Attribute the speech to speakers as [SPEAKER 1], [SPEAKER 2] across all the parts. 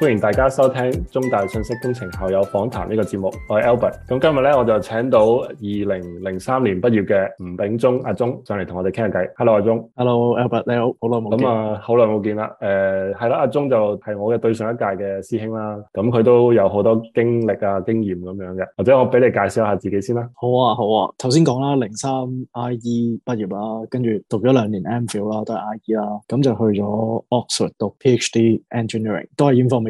[SPEAKER 1] 歡迎大家收聽中大信息工程校友訪談呢個節目，我係 Albert。咁今日咧，我就請到二零零三年畢業嘅吳秉宗阿忠上嚟同我哋傾下偈。Hello 阿忠。Hello Albert，你好，好耐冇見咁啊，好耐冇見啦。誒、呃，係啦，阿忠就係我嘅對上一屆嘅師兄啦。咁佢都有好多經歷啊、經驗咁樣嘅。或者我俾你介紹下自己先啦。好啊，好啊，
[SPEAKER 2] 頭先講啦，零三 IE 畢業啦，跟住讀咗兩年 MPhil 啦，都係 IE 啦，咁就去咗 Oxford 讀 PhD Engineering，都係 inform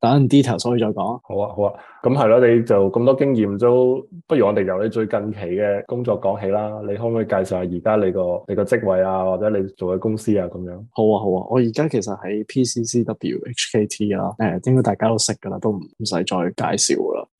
[SPEAKER 2] 等啲頭所以再
[SPEAKER 1] 講。好啊，好啊，咁係咯，你就咁多經驗，都不如我哋由你最近期嘅工作講起啦。你可唔可以介紹下而家你個你個職位啊，或者你做嘅公司啊咁樣？好啊，好啊，我而家其實
[SPEAKER 2] 喺 PCCW HKT 啦，誒，應該大家都識噶啦，都唔唔使再介紹噶啦。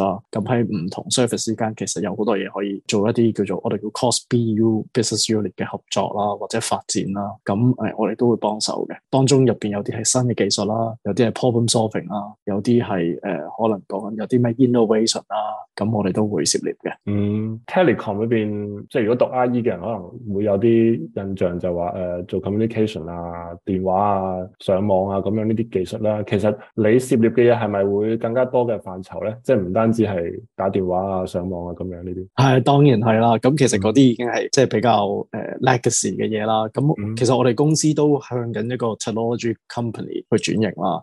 [SPEAKER 2] 咁喺唔同 service 之間其實有好多嘢，可以做一啲叫做我哋叫 cross BU business unit 嘅合作啦，或者發展啦。咁誒我哋都會幫手嘅。當中入邊有啲係新嘅技術啦，有啲係 problem solving 啦，有啲係誒可能講有啲咩
[SPEAKER 1] innovation 啦。咁我哋都會涉獵嘅。
[SPEAKER 2] 嗯
[SPEAKER 1] ，telecom 裏邊，即係如果讀 IE 嘅人可能會有啲印象就話誒、呃、做 communication 啊、電話啊、上網啊咁樣呢啲技術啦。其實你涉獵嘅嘢係咪會更加多嘅範疇咧？即係唔單～單止係打電話啊、上網啊咁樣呢啲，
[SPEAKER 2] 係 當然係啦。咁其實嗰啲已經係即係比較誒 legacy 嘅嘢啦。咁、嗯呃、其實我哋公司都向緊一個 technology company 去轉型啦。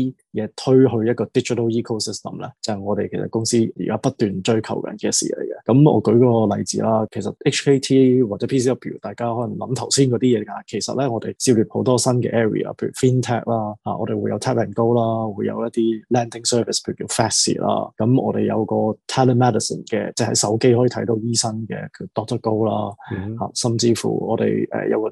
[SPEAKER 2] 嘢推去一個 digital ecosystem 咧，就係我哋其實公司而家不斷追求緊嘅事嚟嘅。咁我舉個例子啦，其實 HKT 或者 PCCW，大家可能諗頭先嗰啲嘢㗎。其實咧，我哋招攬好多新嘅 area，譬如 FinTech 啦，啊，我哋會有 Tap & Go 啦，會有一啲 Lending Service，譬如叫 Fast 啦。咁我哋有個 Telemedicine 嘅，即、就、係、是、手機可以睇到醫生嘅，叫 Doctor Go 啦、嗯。啊，甚至乎我哋誒有個。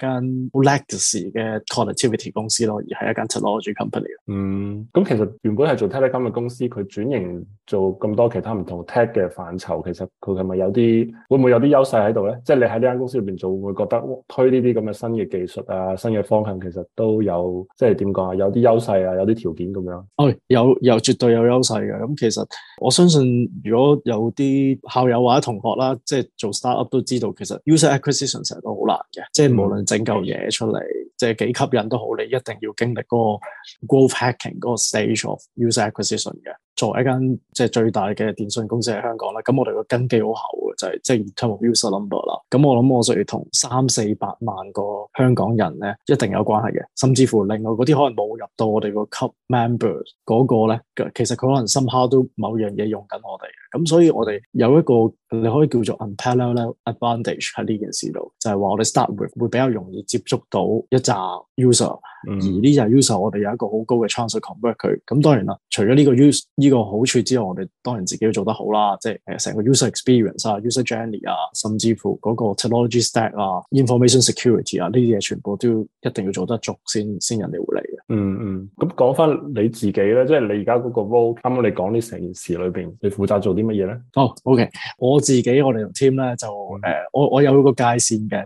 [SPEAKER 2] 間 Legacy 嘅 Connectivity 公司咯，而係一間
[SPEAKER 1] technology company。嗯，咁其實原本係做 telecom 嘅公司，佢轉型做咁多其他唔同 tech 嘅範疇，其實佢係咪有啲會唔會有啲優勢喺度咧？嗯、即係你喺呢間公司入邊做，會唔會覺得推呢啲咁嘅新嘅技術啊、新嘅方向，其實都有即係點講啊？有啲優勢啊，有啲條件咁樣。哦，有有絕對有優勢嘅。咁、嗯、其實我相信，
[SPEAKER 2] 如果有啲校友或者同學啦，即係做 startup 都知道，其實 user acquisition 成日都好難嘅，嗯、即係無論。整舊嘢出嚟，即係幾吸引都好，你一定要經歷個 growth hacking 個 stage of user acquisition 嘅。作為一間即係最大嘅電訊公司喺香港啦，咁我哋個根基好厚嘅。就係即係 term of user number 啦，咁我諗我就要同三四百萬個香港人咧一定有關係嘅，甚至乎另外嗰啲可能冇入到我哋 club members 嗰個咧，其實佢可能 somehow 都某樣嘢用緊我哋，咁所以我哋有一個你可以叫做 unparalleled advantage 喺呢件事度，就係、是、話我哋 start with 會比較容易接觸到一紮 user，、嗯、而呢紮 user 我哋有一個好高嘅 chance to convert 佢，咁當然啦，除咗呢個 use 呢個好處之外，我哋當然自己都做得好啦，即係誒成個 user experience 啊。strategy 啊，甚至乎嗰個 technology stack 啊，information security 啊，呢啲嘢全部都要一定要做得足先，先人哋會嚟嘅、嗯。
[SPEAKER 1] 嗯嗯，咁講翻你自己咧，即係你而家嗰個 role，啱啱你講呢成件事裏邊，你負責做啲乜嘢咧？
[SPEAKER 2] 哦、oh,，OK，我自己我哋 team
[SPEAKER 1] 咧就誒，我 Okay.、uh, 我，我有一個界線
[SPEAKER 2] 嘅。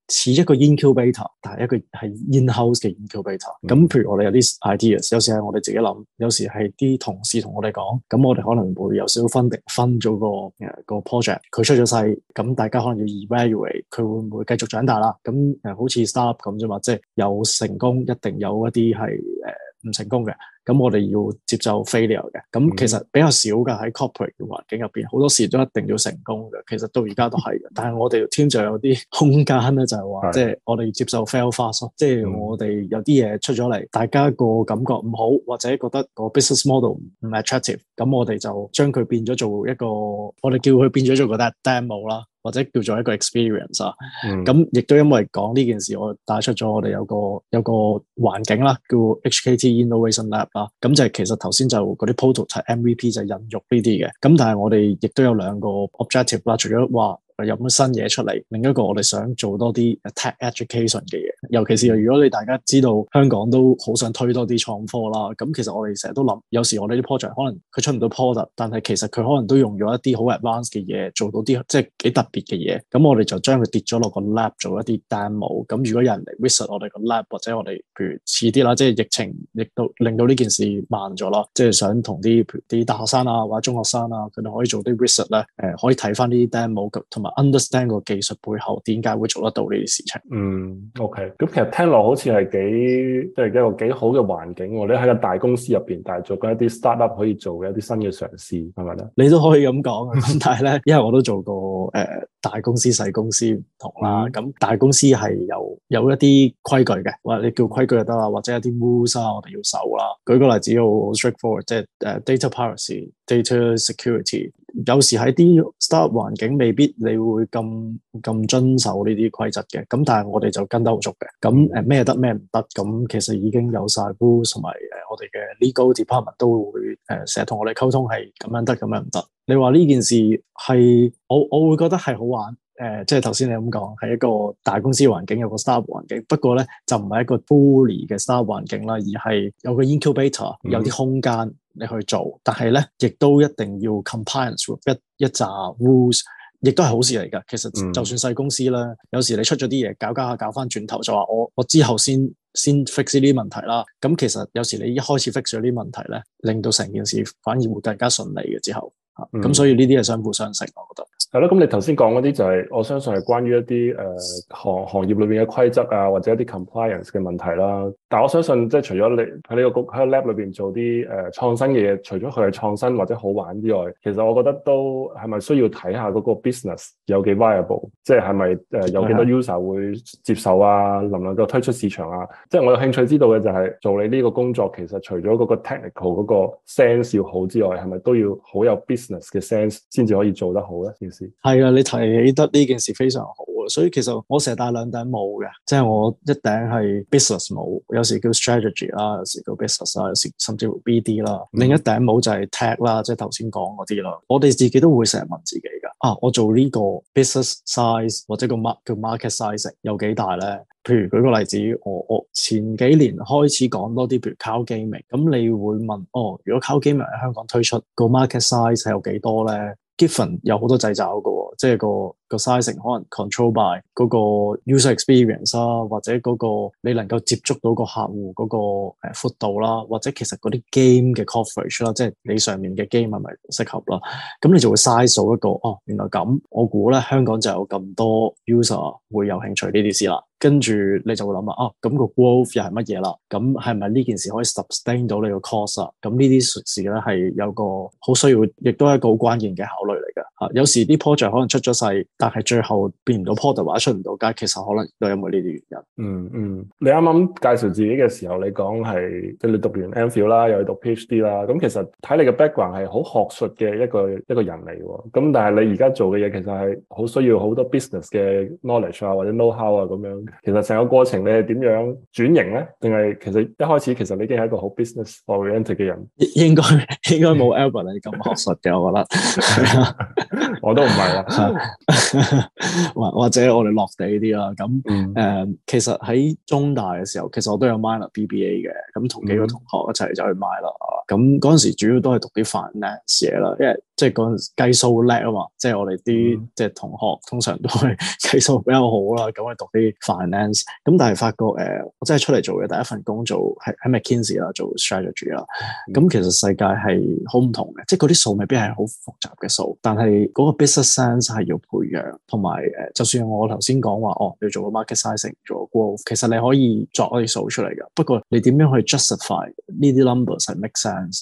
[SPEAKER 2] 似一個 incubator，但係一個係 in-house 嘅 incubator。咁 inc、嗯、譬如我哋有啲 ideas，有時係我哋自己諗，有時係啲同事同我哋講。咁我哋可能會有少分，定分咗個誒個 project。佢出咗世，咁大家可能要 evaluate 佢會唔會繼續長大啦。咁誒好似 startup 咁啫嘛，即係有成功一定有一啲係誒唔成功嘅。咁我哋要接受 failure 嘅，咁其實比較少噶，喺 corporate 嘅環境入邊，好多事都一定要成功嘅。其實到而家都係嘅， 但係的我哋 team 就有啲空間咧，就係話即係我哋接受 fail fast，即係我哋有啲嘢出咗嚟，大家個感覺唔好，或者覺得個 business model 唔 attractive，咁我哋就將佢變咗做一個，我哋叫佢變咗做個 demo 啦，或者叫做一個 experience 啊的。咁亦都因為講呢件事，我帶出咗我哋有個有個環境啦，叫 HKT Innovation Lab。咁就係其實頭先就嗰啲 proto 就 MVP 就係人肉呢啲嘅，咁但係我哋亦都有兩個 objective 啦，除咗話，有乜新嘢出嚟？另一個，我哋想做多啲 tech education 嘅嘢，尤其是如果你大家知道香港都好想推多啲創科啦，咁其實我哋成日都諗，有時我哋啲 project 可能佢出唔到 product，但係其實佢可能都用咗一啲好 advanced 嘅嘢，做到啲即係幾特別嘅嘢，咁我哋就將佢跌咗落個 lab 做一啲 demo。咁如果有人嚟 visit 我哋個 lab 或者我哋，譬如遲啲啦，即係疫情亦都令到呢件事慢咗囉，即係想同啲譬如啲大學生啊或者中學生啊，佢哋可以做啲 visit 咧，誒，可以睇翻啲 demo 同埋，understand 個技術背後點解會做得到呢啲事情？嗯
[SPEAKER 1] ，OK，咁其實聽落好似係幾即係一個幾好嘅環境。你喺個大公司入邊，但係做過一啲 startup 可以做嘅一啲新嘅嘗試，係咪咧？
[SPEAKER 2] 你都可以咁講。但係咧，因為我都做過誒、呃、大公司、細公司唔同啦。咁大公司係有有一啲規矩嘅，或你叫規矩就得啦，或者一啲 rules 啊，我哋要守啦。舉個例子，好 straightforward，即係 data privacy、data security。有時喺啲 start 環境未必你會咁咁遵守呢啲規則嘅，咁但係我哋就跟得好足嘅，咁誒咩得咩唔得？咁其實已經有晒。rules 同埋誒我哋嘅 legal department 都會誒成日同我哋溝通，係咁樣得，咁樣唔得。你話呢件事係我我會覺得係好玩，誒、呃、即係頭先你咁講係一個大公司環境有個 start 環境，不過咧就唔係一個 bully 嘅 start 環境啦，而係有個 incubator，有啲空間。嗯你去做，但係咧，亦都一定要 compliance with 一一紮 rules，亦都係好事嚟噶。其實就算細公司啦，有時你出咗啲嘢，搞搞下搞翻轉頭就話我我之後先先 fix 呢啲問題啦。咁其實有時你一開始 fix 咗啲問題咧，令到成件事反而會更加順利嘅之後。咁、嗯、所以呢啲係相輔相成，我覺得。
[SPEAKER 1] 係咯，咁你頭先講嗰啲就係、是，我相信係關於一啲誒、呃、行行業裏邊嘅規則啊，或者一啲 compliance 嘅問題啦。但係我相信即係除咗你喺呢、這個局喺 lab 裏邊做啲誒、呃、創新嘅嘢，除咗佢係創新或者好玩之外，其實我覺得都係咪需要睇下嗰個 business 有幾 viable，即係係咪誒有幾多 user 的會接受啊，能唔能夠推出市場啊？即係我有興趣知道嘅就係、是、做你呢個工作，其實除咗嗰個 technical 嗰個 sense 要好之外，係咪都要好有 business 嘅 sense 先至可以做得好咧？
[SPEAKER 2] 係啊，你提起得呢件事非常好啊，所以其實我成日戴兩頂帽嘅，即係我一頂係 business 帽，有時叫 strategy 啦，有時叫 business 啊，有時甚至乎 BD 啦。另一頂帽就係 tech 啦，即係頭先講嗰啲咯。我哋自己都會成日問自己噶，啊，我做呢個 business size 或者個 market 叫 market size 有幾大咧？譬如舉個例子，我我前幾年開始講多啲，譬如 Call Gaming，咁你會問，哦，如果 Call Gaming 喺香港推出，個 market size 係有幾多咧？given 有好多掣肘嘅喎，即係個個 sizing 可能 control by 嗰個 user experience 啦，或者嗰個你能夠接觸到客戶個客戶嗰個誒闊度啦，或者其實嗰啲 game 嘅 coverage 啦，即係你上面嘅 game 係咪適合啦？咁你就會 size 數一個哦，原來咁，我估咧香港就有咁多 user 會有興趣呢啲事啦。跟住你就會諗啊，哦，咁個 growth 又係乜嘢啦？咁係咪呢件事可以 sustain 到你個 cost 啊？咁呢啲事咧係有個好需要，亦都係一個好關鍵嘅考慮嚟嘅。嚇，有時啲 project 可能出咗世。但係最後變唔到 portfolio 出唔到街，其實可能都因為呢
[SPEAKER 1] 啲原因。嗯嗯，你啱啱介紹自己嘅時候，你講係跟你讀完 MPhil 啦，又去讀 PhD 啦，咁其實睇你嘅 background 係好學術嘅一個一個人嚟㗎。咁但係你而家做嘅嘢其實係好需要好多 business 嘅 knowledge 啊，或者 know how 啊咁樣。其實成個過程你係點樣轉型咧？定係其實一開始其實你已經係一個好 business oriented 嘅人應？應該應該冇 Albert 你咁
[SPEAKER 2] 學術嘅， 我覺得。我都唔係啦。或 或者我哋落地啲啦，咁誒，嗯、其實喺中大嘅時候，其實我都有 minor BBA 嘅，咁同幾個同學一齊就去買啦，咁嗰陣時主要都係讀啲 finance 嘢啦，因為。即係嗰陣計數叻啊嘛！即係我哋啲即係同學通常都係計 數比較好啦，咁去讀啲 finance。咁但係發覺誒、呃，我真係出嚟做嘅第一份工做係喺 McKinsey 啦，做 strategy 啦。咁其實世界係好唔同嘅，即係嗰啲數未必係好複雜嘅數，但係嗰個 business sense 係要培養。同埋誒，就算我頭先講話，哦，要做個 market sizing，做個 growth，其實你可以作一啲數出嚟嘅。不過你點樣去 justify 呢啲 numbers 係 make sense？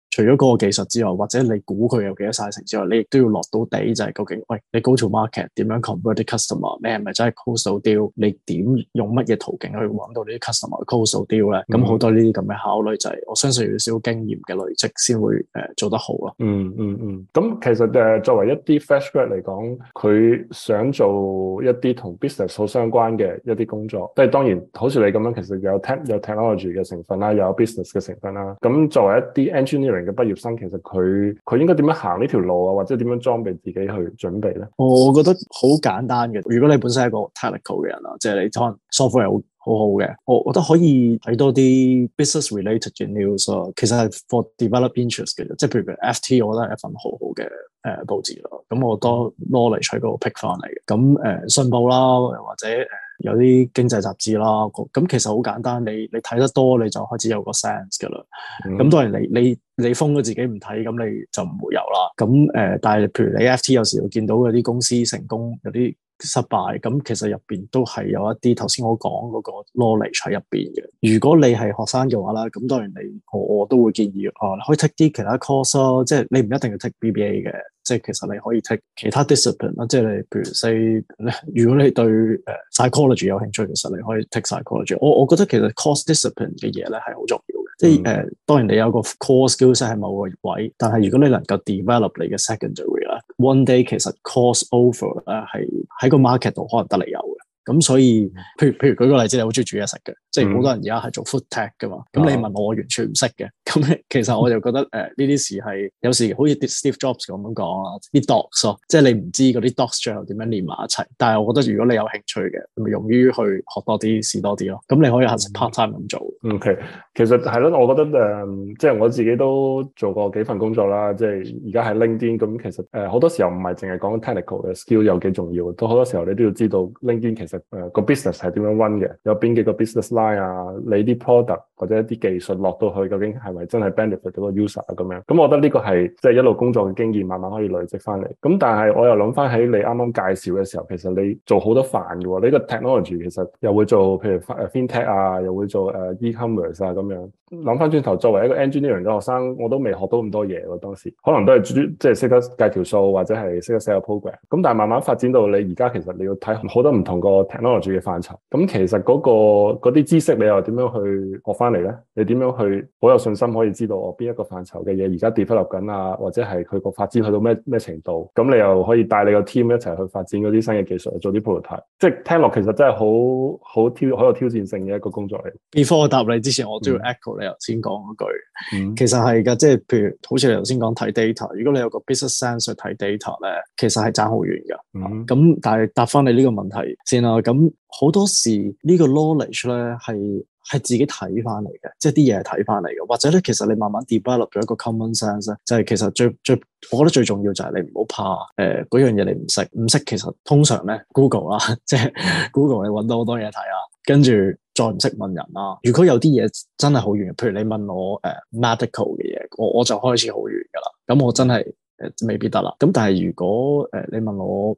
[SPEAKER 2] 除咗嗰個技術之外，或者你估佢有幾多 size 之外，你亦都要落到地，就係、是、究竟喂，你 go to market 點樣 convert 啲 customer，你係咪真係 close 到 deal？你點用乜嘢途徑去揾到呢啲 customer close 到 deal 咧？咁好多呢啲咁嘅考慮、就是，
[SPEAKER 1] 就係我相信有少少經驗嘅累積先會誒做得好咯、嗯。嗯嗯嗯，咁、嗯、其實誒作為一啲 fresh grad 嚟講，佢想做一啲同 business 好相關嘅一啲工作，即係當然好似你咁樣，其實有 tech 有 technology 嘅成分啦，又有 business 嘅成分啦。咁作為一啲 engineering，嘅畢業生其實佢佢應該點樣行呢條路啊，或者點樣裝備自己去準備咧？我覺得好簡單嘅。如果你本身係一個 technical 嘅人啦，
[SPEAKER 2] 即係你可能 software 係好好嘅，我覺得可以睇多啲 business related news 啊。其實係 for developing interest 嘅，即係譬如 FT，我覺得係一份好好嘅誒報紙咯。咁、呃、我多 knowledge 喺嗰度 pick 翻嚟嘅。咁誒、呃、信報啦，或者誒，有啲經濟雜誌啦，咁其實好簡單，你你睇得多你就開始有個 sense 㗎啦。咁、嗯、當然你你你封咗自己唔睇，咁你就唔會有啦。咁誒、呃，但係譬如你 FT 有時會見到有啲公司成功，有啲，失敗咁，其實入邊都係有一啲頭先我講嗰個 knowledge 喺入邊嘅。如果你係學生嘅話啦，咁當然你我我都會建議啊，哦、你可以 take 啲其他 course 咯，即係你唔一定要 take BBA 嘅，即係其實你可以 take 其他 discipline 啦，即係你譬如 say，如果你對誒 psychology 有興趣，其實你可以 take psychology。我我覺得其實 course discipline 嘅嘢咧係好重要。啲誒、嗯、當然你有個 course skills 喺某個位，但係如果你能夠 develop 你嘅 secondary 啦，one day 其實 crossover 咧係喺個 market 度可能得你有嘅。咁所以，譬如譬如舉個例子，你好中意煮嘢食嘅。即係好多人而家係做 food tech 㗎嘛，咁、嗯、你問我、啊、我完全唔識嘅，咁其實我就覺得誒呢啲事係有時好似啲 Steve Jobs 咁樣講啦，啲 docs 咯，即係你唔知嗰啲 docs 最後點樣連埋一齊，但係我覺得如果你有興趣嘅，咪用於去學多啲試多啲咯，咁你可以係 part time 咁做、嗯。OK，
[SPEAKER 1] 其實係咯，我覺得誒、呃，即係我自己都做過幾份工作啦，即係而家係 LinkedIn，咁其實誒好、呃、多時候唔係淨係講 technical 嘅 skill 有幾重要，都好多時候你都要知道 LinkedIn 其實誒個 business 係點樣 run 嘅，有邊幾個 business 啊！你啲 product 或者一啲技術落到去，究竟係咪真係 benefit 到個 user 啊？咁樣，咁，我覺得呢個係即係一路工作嘅經驗慢慢可以累積翻嚟。咁但係我又諗翻喺你啱啱介紹嘅時候，其實你做好多飯嘅喎。你個 technology 其實又會做，譬如啊、fintech 啊，又會做誒、啊、e-commerce 啊，咁樣諗翻轉頭，作為一個 engineering 嘅學生，我都未學到咁多嘢、啊、當時可能都係即係識得計條數或者係識得寫個 program。咁但係慢慢發展到你而家，其實你要睇好多唔同個 technology 嘅範疇，咁其實嗰、嗰個嗰啲。嗰個知識你又點樣去學翻嚟咧？你點樣去好有信心可以知道我邊一個範疇嘅嘢而家跌翻落緊啊？或者係佢個發展去到咩咩程度？咁你又可以帶你個 team 一齊去發展嗰啲新嘅技術，做啲 prototype，即係聽落其實真係好好挑好有挑戰性嘅一個工作嚟。
[SPEAKER 2] Before 我答你之前，我都要 echo 你頭先講嗰句，hmm. 其實係㗎，即係譬如好似你頭先講睇 data，如果你有個 business sense 去睇 data 咧，其實係爭好遠噶。咁但係答翻你呢個問題先啦，咁。好多時呢個 knowledge 咧係係自己睇翻嚟嘅，即係啲嘢係睇翻嚟嘅。或者咧，其實你慢慢 develop 咗一個 common sense 咧，就係其實最最，我覺得最重要就係你唔好怕誒嗰、呃、樣嘢你唔識唔識。其實通常咧，Google 啦，即 係 Google 你揾到好多嘢睇啊。跟住再唔識問人啦。如果有啲嘢真係好遠，譬如你問我誒、呃、medical 嘅嘢，我我就開始好遠㗎啦。咁我真係，未必得啦，咁但係如果誒你問我誒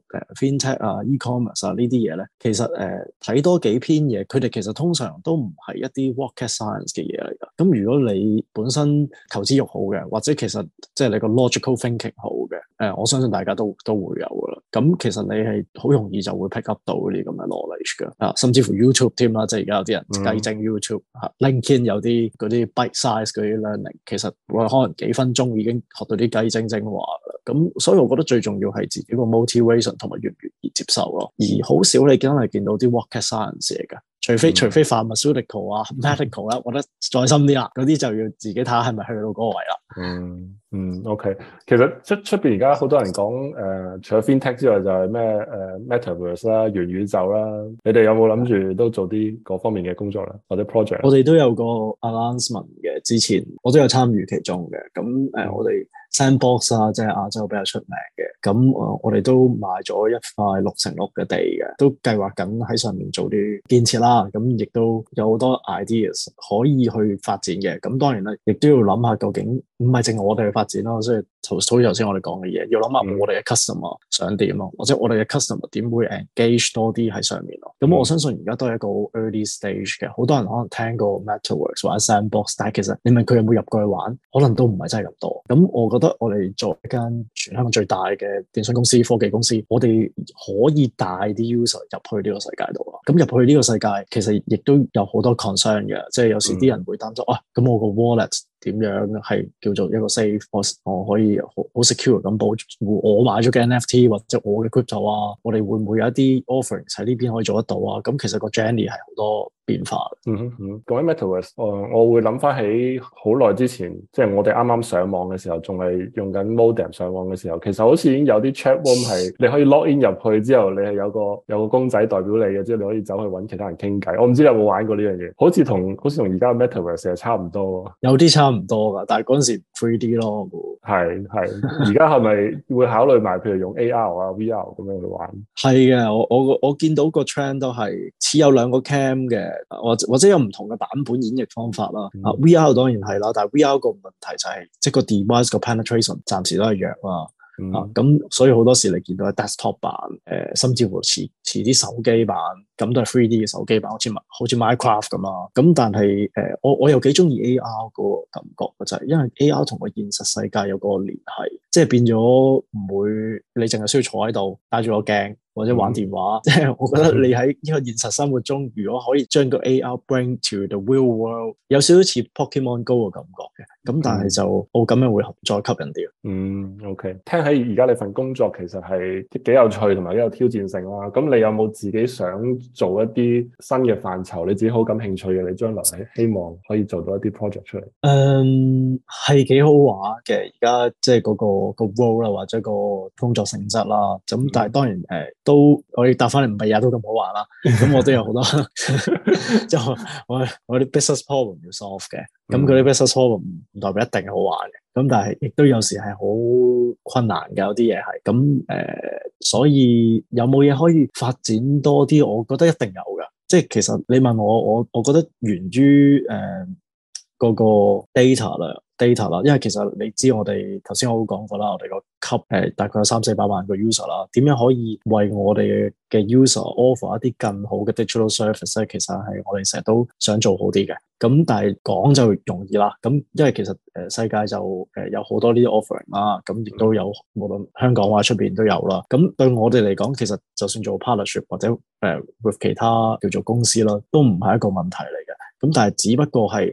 [SPEAKER 2] FinTech 啊、Ecommerce、e、啊呢啲嘢咧，其實誒睇、呃、多幾篇嘢，佢哋其實通常都唔係一啲 Rocket Science 嘅嘢嚟㗎。咁如果你本身求知欲好嘅，或者其實即係你個 Logical Thinking 好嘅，誒、呃、我相信大家都都會有㗎啦。咁其實你係好容易就會 pick up 到嗰啲咁嘅 knowledge 㗎，啊甚至乎 YouTube 添啦，即係而家有啲人雞精 YouTube，LinkedIn、嗯、有啲嗰啲 bite size 嗰啲 learning，其實我可能幾分鐘已經學到啲雞精精華。咁所以我覺得最重要係自己個 motivation 同埋願唔願意接受咯，而好少你經常係見到啲 work at science 嚟嘅，除非、嗯、除非 pharmaceutical 啊、medical 咧、啊，我覺得再深啲啦，嗰啲就要
[SPEAKER 1] 自己睇下係咪去到嗰個位啦、嗯。嗯嗯，OK，其實出出邊而家好多人講誒、呃，除咗 FinTech 之外，就係、是、咩誒、呃、Metaverse 啦、啊、元宇宙啦、啊，你哋有冇諗住都做啲各方面嘅工作咧、啊，或者 project？、啊、我
[SPEAKER 2] 哋都有個 announcement 嘅，之前我都有參與其中嘅，咁誒、呃嗯、我哋。Sandbox 啊，Sand box，即係亞洲比較出名嘅，咁我哋都買咗一塊六成六嘅地嘅，都計劃緊喺上面做啲建設啦，咁亦都有好多 ideas 可以去發展嘅，咁當然啦，亦都要諗下究竟。唔係淨係我哋去發展咯，即係頭頭先我哋講嘅嘢，要諗下、嗯、我哋嘅 customer 想點咯，或者我哋嘅 customer 點會 engage 多啲喺上面咯。咁、嗯、我相信而家都係一個 early stage 嘅，好多人可能聽過 metaverse 或者 sandbox，但係其實你問佢有冇入過去玩，可能都唔係真係咁多。咁我覺得我哋做一間全香港最大嘅電信公司、科技公司，我哋可以帶啲 user 入去呢個世界度啊。咁入去呢個世界其實亦都有好多 concern 嘅，即係有時啲人會擔心、嗯、啊，咁我個 wallet。點樣係叫做一個 safe，我我可以好好 secure 咁保護我買咗嘅 NFT 或者我嘅 group 就啊，我哋會唔會有一啲 offerings 喺呢邊可以做得到啊？咁其實個 journey 係好多。變化嗯
[SPEAKER 1] 哼，嗯、講起 metaverse，誒，我會諗翻起好耐之前，即係我哋啱啱上網嘅時候，仲係用緊 modem 上網嘅時候，其實好似已經有啲 chat room 係，你可以 log in 入去之後，你係有個有個公仔代表你嘅，之後你可以走去搵其他人傾偈。我唔知你有冇玩過呢樣嘢？好似同好似同而家嘅 metaverse 係差唔多。有啲差唔多噶，但係嗰陣時 three D 咯。係係，而家係咪會考慮埋譬如用 AR 啊 VR 咁樣去玩？
[SPEAKER 2] 係嘅，我我我見到個 trend 都係似有兩個 cam 嘅。或或者有唔同嘅版本演繹方法啦，啊、嗯、VR 當然係啦，但係 VR 個問題就係、是、即係個 device 個 penetration 暫時都係弱啦，嗯、啊咁所以好多時你見到 desktop 版，誒、呃、甚至乎遲遲啲手機版。咁都係 3D 嘅手機版，好似好似 Minecraft 咁啦。咁但係，誒、呃，我我又幾中意 AR 個感覺就係因為 AR 同個現實世界有個聯繫，即係變咗唔會你淨係需要坐喺度戴住個鏡或者玩電話。即係、嗯、 我覺得你喺呢個現實生活中，如果可以將個 AR bring to the real world，有少少似 Pokemon Go 嘅感
[SPEAKER 1] 覺嘅。咁但係就、嗯、我咁樣會再吸引啲。嗯，OK，聽起而家你份工作其實係幾有趣同埋幾有挑戰性啦。咁你有冇自己想做一啲新嘅範疇，你自己好感興趣嘅，你將來係希望可以做到一啲 project 出嚟。
[SPEAKER 2] 嗯，係幾好玩
[SPEAKER 1] 嘅，而家即係嗰個、嗰個 role 啦，或者個工
[SPEAKER 2] 作性質啦。咁、嗯、但係當然誒，我都我哋答翻嚟唔係日日都咁好玩啦。咁 我都有好多即係 我我啲 business problem 要 solve 嘅。咁佢啲 business problem 唔代表一定好玩嘅。咁但係亦都有時係好困難嘅，有啲嘢係咁誒，所以有冇嘢可以發展多啲？我覺得一定有噶，即係其實你問我，我我覺得源於誒、呃嗰個 data 啦。data 啦，因為其實你知我哋頭先我都講過啦，我哋個級誒大概有三四百萬個 user 啦，點樣可以為我哋嘅 user offer 一啲更好嘅 digital service 咧？其實係我哋成日都想做好啲嘅。咁但係講就容易啦。咁因為其實誒世界就誒有好多呢啲 offering 啦，咁亦都有無論香港或者出邊都有啦。咁對我哋嚟講，其實就算做 partnership 或者誒 with 其他叫做公司啦，都唔係一個問題嚟嘅。咁但係只不過係。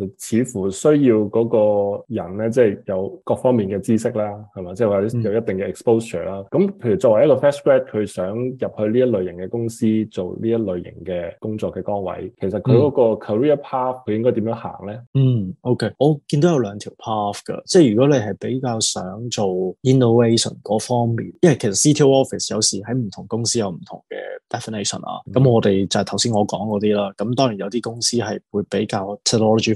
[SPEAKER 1] 似乎需要嗰個人咧，即係有各方面嘅知識啦，係咪？即係話有一定嘅 exposure 啦、嗯。咁，譬如作為一個 fresh grad，佢想入去呢一類型嘅公司做呢一類型嘅工作嘅崗位，其實佢嗰個 career path 佢應該點樣行咧？
[SPEAKER 2] 嗯，OK，我見到有兩條 path 嘅，即係如果你係比較想做 innovation 嗰方面，因為其實 CTO office 有時喺唔同公司有唔同嘅 definition 啊、嗯。咁我哋就係頭先我講嗰啲啦。咁當然有啲公司係會比較 technology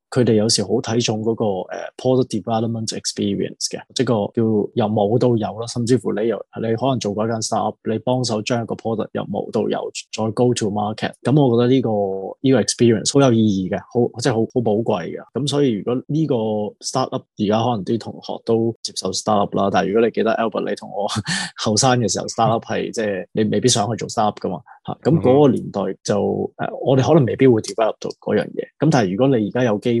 [SPEAKER 2] 佢哋有時好睇重、嗰個誒、uh, product development experience 嘅，即係個叫由冇到有啦，甚至乎你由你可能做過一間 startup，你幫手將一個 product 由冇到有再 go to market，咁、嗯、我覺得呢、呢個呢、呢個 experience 好有意義嘅，好即係好好寶貴嘅。咁、嗯、所以如果呢個 startup 而家可能啲同學都接受 startup 啦，但係如果你記得 Albert，你同我後生嘅時候 startup 係即係、就是、你未必想去做 startup 噶嘛吓，咁、嗯、個年代就誒、mm hmm. 啊、我哋可能未必會跳翻入到樣嘢。咁但係如果你而家有機。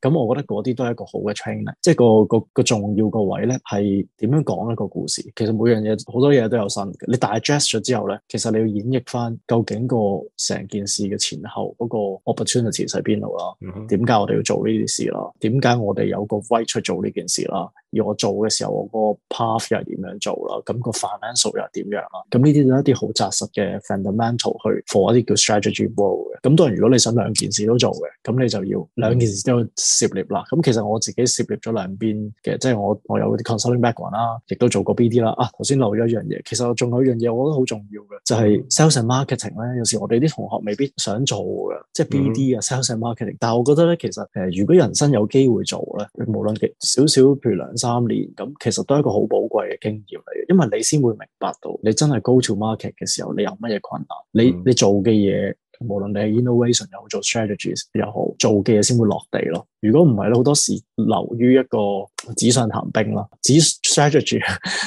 [SPEAKER 2] 咁，我覺得嗰啲都係一個好嘅 training，即係個個個重要個位咧，係點樣講一個故事？其實每樣嘢好多嘢都有新嘅，你 digest 咗之後咧，其實你要演繹翻究竟個成件事嘅前後嗰個 opportunity 喺邊度啦？點解我哋要做呢啲事啦？點解我哋有個威出做呢件事啦？我做嘅時候，我個 path 又係點樣做啦？咁個 financial 又係點樣啦？咁呢啲都一啲好紮實嘅、mm hmm. fundamental 去 for 一啲叫 strategy build 嘅。咁當然，如果你想兩件事都做嘅，咁你就要兩件事都要涉獵啦。咁其實我自己涉獵咗兩邊嘅，即係我我有啲 consulting background 啦，亦都做過 B.D 啦。啊，頭先漏咗一樣嘢，其實仲有一樣嘢，我覺得好重要嘅，就係 sales and marketing 咧。有時我哋啲同學未必想做嘅，即係 B.D 啊，sales and marketing。但係我覺得咧，其實誒、呃，如果人生有機會做咧，無論幾少少，譬如兩三年咁，其實都係一個好寶貴嘅經驗嚟嘅，因為你先會明白到你真係 go to market 嘅時候，你有乜嘢困難，你你做嘅嘢，無論你係 innovation 又好，做 strategies 又好，做嘅嘢先會落地咯。如果唔係咧，好多時留於一個紙上談兵啦，紙 strategy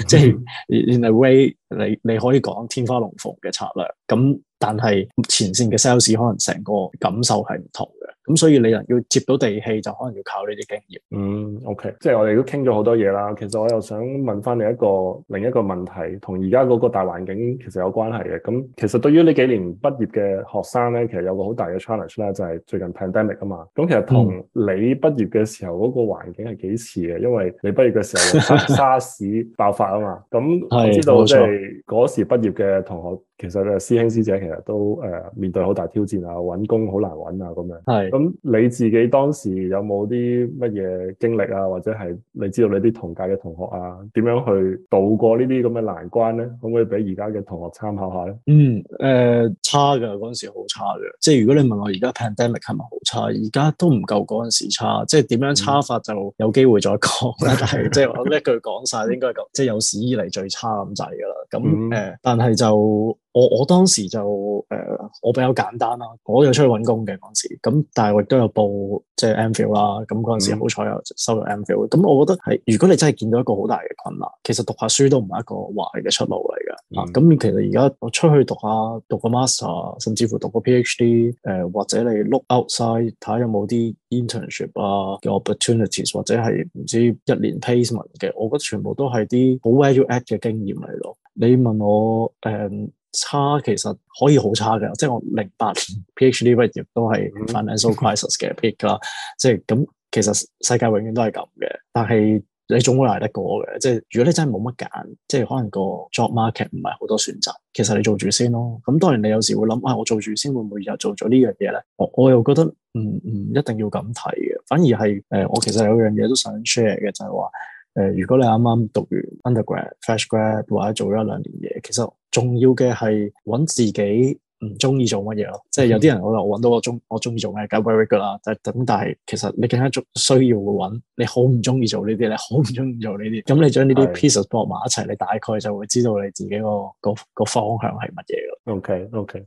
[SPEAKER 2] 即係 in a way 你你可以講天花龍鳳嘅策略，咁但係前線嘅 sales 可能成個感受係唔同。咁所以你又要接到地氣，就可能要靠呢啲
[SPEAKER 1] 經驗。嗯，OK，即係我哋都傾咗好多嘢啦。其實我又想問翻你一個另一個問題，同而家嗰個大環境其實有關係嘅。咁其實對於呢幾年畢業嘅學生咧，其實有個好大嘅 challenge 咧，就係、是、最近 pandemic 啊嘛。咁其實同你畢業嘅時候嗰個環境係幾似嘅，因為你畢業嘅時候 沙士爆發啊嘛。咁我知道即係嗰時畢業嘅同學，其實咧，師兄師姐其實都誒、呃、面對好大挑戰啊，搵工好難搵啊咁樣。咁你自己當時有冇啲乜嘢經歷啊？或者係你知道你啲同屆嘅同學啊，點樣去渡過呢啲咁嘅難關咧？可唔可以俾而家嘅同學參考下咧？嗯，誒、呃、差㗎，嗰陣時好差嘅，即係如果你問我而家
[SPEAKER 2] pandemic 係咪好差，而家都唔夠嗰陣時差，即係點樣差法就有機會再講啦。嗯、但係即係我一句講曬，應該即係有史以嚟最差咁滯㗎啦。咁誒，呃嗯、但係就我我當時就誒、呃、我比較簡單啦，我又出去揾工嘅嗰陣時咁。但係我亦都有報即係 MPhil 啦，咁嗰陣時好彩有收到 MPhil 咁我覺得係如果你真係見到一個好大嘅困難，其實讀下書都唔係一個壞嘅出路嚟嘅。嗱、mm，咁、hmm. 啊、其實而家我出去讀下讀個 master，甚至乎讀個 PhD，誒、呃、或者你 look outside 睇下有冇啲 internship 啊 opportunities，或者係唔知一年 placement 嘅，我覺得全部都係啲好 value add 嘅經驗嚟咯。你問我誒？嗯差其實可以好差嘅，即係我零八年 PhD 畢業都係 financial crisis 嘅 Peak 啦。 即係咁其實世界永遠都係咁嘅，但係你總會捱得過嘅。即係如果你真係冇乜揀，即係可能個 job market 唔係好多選擇，其實你先做住先咯。咁當然你有時會諗啊、哎，我做住先會唔會又做咗呢樣嘢咧？我又覺得唔唔、嗯嗯、一定要咁睇嘅，反而係誒、呃，我其實有樣嘢都想 share 嘅，就係話誒，如果你啱啱讀完 undergrad、fresh grad 或者做咗一兩年嘢，其實。重要嘅係揾自己唔中意做乜嘢咯，嗯、即係有啲人可能我揾到我中我中意做咩，咁 very good 啦。但係咁，但係其實你更加中需要嘅揾，你好唔中意做呢啲，你好唔中意做呢啲，咁你將呢啲 pieces 搏埋一齊，的你大概就會知道你自己個
[SPEAKER 1] 個方向係乜嘢咯。OK OK，呢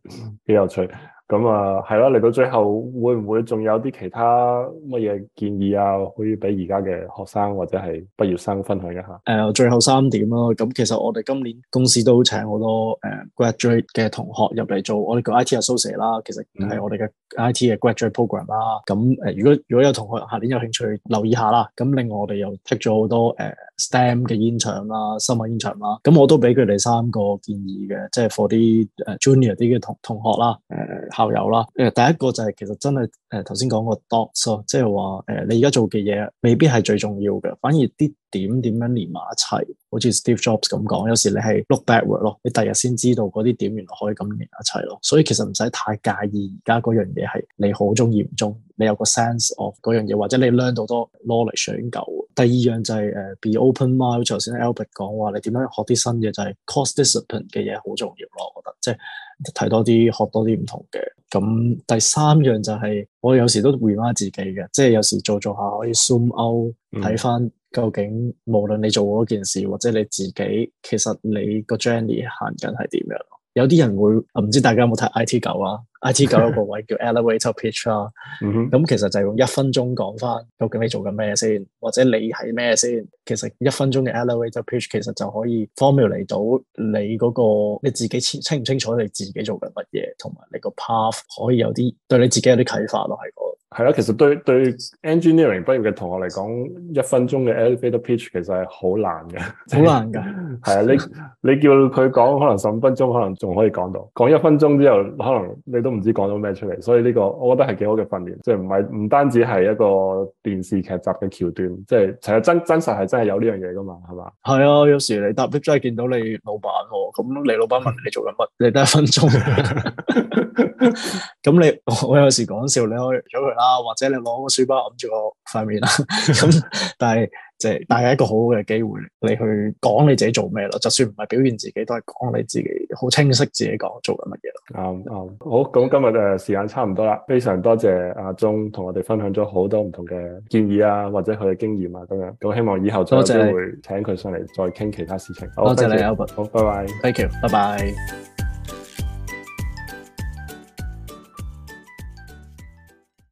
[SPEAKER 1] 樣嘢。 咁啊，係啦，嚟到最後會唔會仲有啲其他乜嘢建議啊？可以俾而家嘅學生或者係畢業生分享一下。
[SPEAKER 2] 誒，最後三點咯。咁其實我哋今年公司都請好多誒 graduate 嘅同學入嚟做我哋個 IT 嘅 associate 啦。其實係我哋嘅 IT 嘅 graduate program 啦。咁誒，如果如果有同學下年有興趣留意下啦。咁另外我哋又 take 咗好多誒 STEM 嘅 interview 啦、新聞 interview 啦。咁我都俾佢哋三個建議嘅，即係 for 啲誒 junior 啲嘅同同學啦。誒、嗯。校友啦，誒第一個就係、是、其實真係誒頭先講個 dots 即係話誒你而家做嘅嘢未必係最重要嘅，反而啲點點樣連埋一齊，好似 Steve Jobs 咁講，有時你係 look backward 咯，你第日先知道嗰啲點原來可以咁連埋一齊咯，所以其實唔使太介意而家嗰樣嘢係你好中意唔中，你有個 sense of 嗰樣嘢，或者你 learn 到多 knowledge 已經第二樣就係誒 be open mind，頭先 Albert 講話你點樣學啲新嘢，就係、是、cross discipline 嘅嘢好重要咯，我覺得即係睇多啲學多啲唔同嘅。咁第三樣就係、是、我有時都會問下自己嘅，即係有時做做下可以 zoom out 睇翻究竟無論你做過嗰件事或者你自己，其實你個 journey 行緊係點樣。有啲人會，唔知大家有冇睇 IT 九啊 ？IT 九有個位叫 Elevator Pitch 啦、啊，咁 其實就用一分鐘講翻究竟你做緊咩先，或者你係咩先？其實一分鐘嘅 Elevator Pitch 其實就可以 formulate 到你嗰個你自己清唔清楚你自己做
[SPEAKER 1] 緊乜嘢，同埋你個 path 可以有啲對你自己有啲啟發咯、啊，係係啦，其實對對 engineering 畢業嘅同學嚟講，一分鐘嘅 elevator pitch 其實係好難嘅，好難噶、就是。係啊， 你你叫佢講可能十五分鐘，可能仲可，可以講到，講一分鐘之後，可能你都唔知講咗咩出嚟。所以呢個，我覺得係幾好嘅訓練，即係唔係唔單止係一個電視劇集嘅橋段，即係其實真真實係真係有呢樣嘢噶嘛，係嘛？
[SPEAKER 2] 係啊，有時你搭 lift 真係見到你老闆，咁你老闆問你做緊乜，你得一分鐘。 咁 你我有時講笑，你可以咗佢啦，或者你攞個書包揞住我塊面啦。咁 但係即係，大、就、家、是、一個好好嘅機會，你去講你自己做咩咯？就算唔係表現自己，都係講你
[SPEAKER 1] 自己，好清晰
[SPEAKER 2] 自己講做緊乜嘢咯。啱啱、嗯嗯、
[SPEAKER 1] 好，咁今日誒時間差唔多啦，非常多謝阿宗同我哋分享咗好多唔同嘅建議啊，或者佢嘅經驗啊咁樣。咁希望以後，最後，最後再有機會請佢上嚟再傾其他事情。好多謝你謝謝，Albert。好，拜拜。Thank you，拜拜。
[SPEAKER 2] Bye.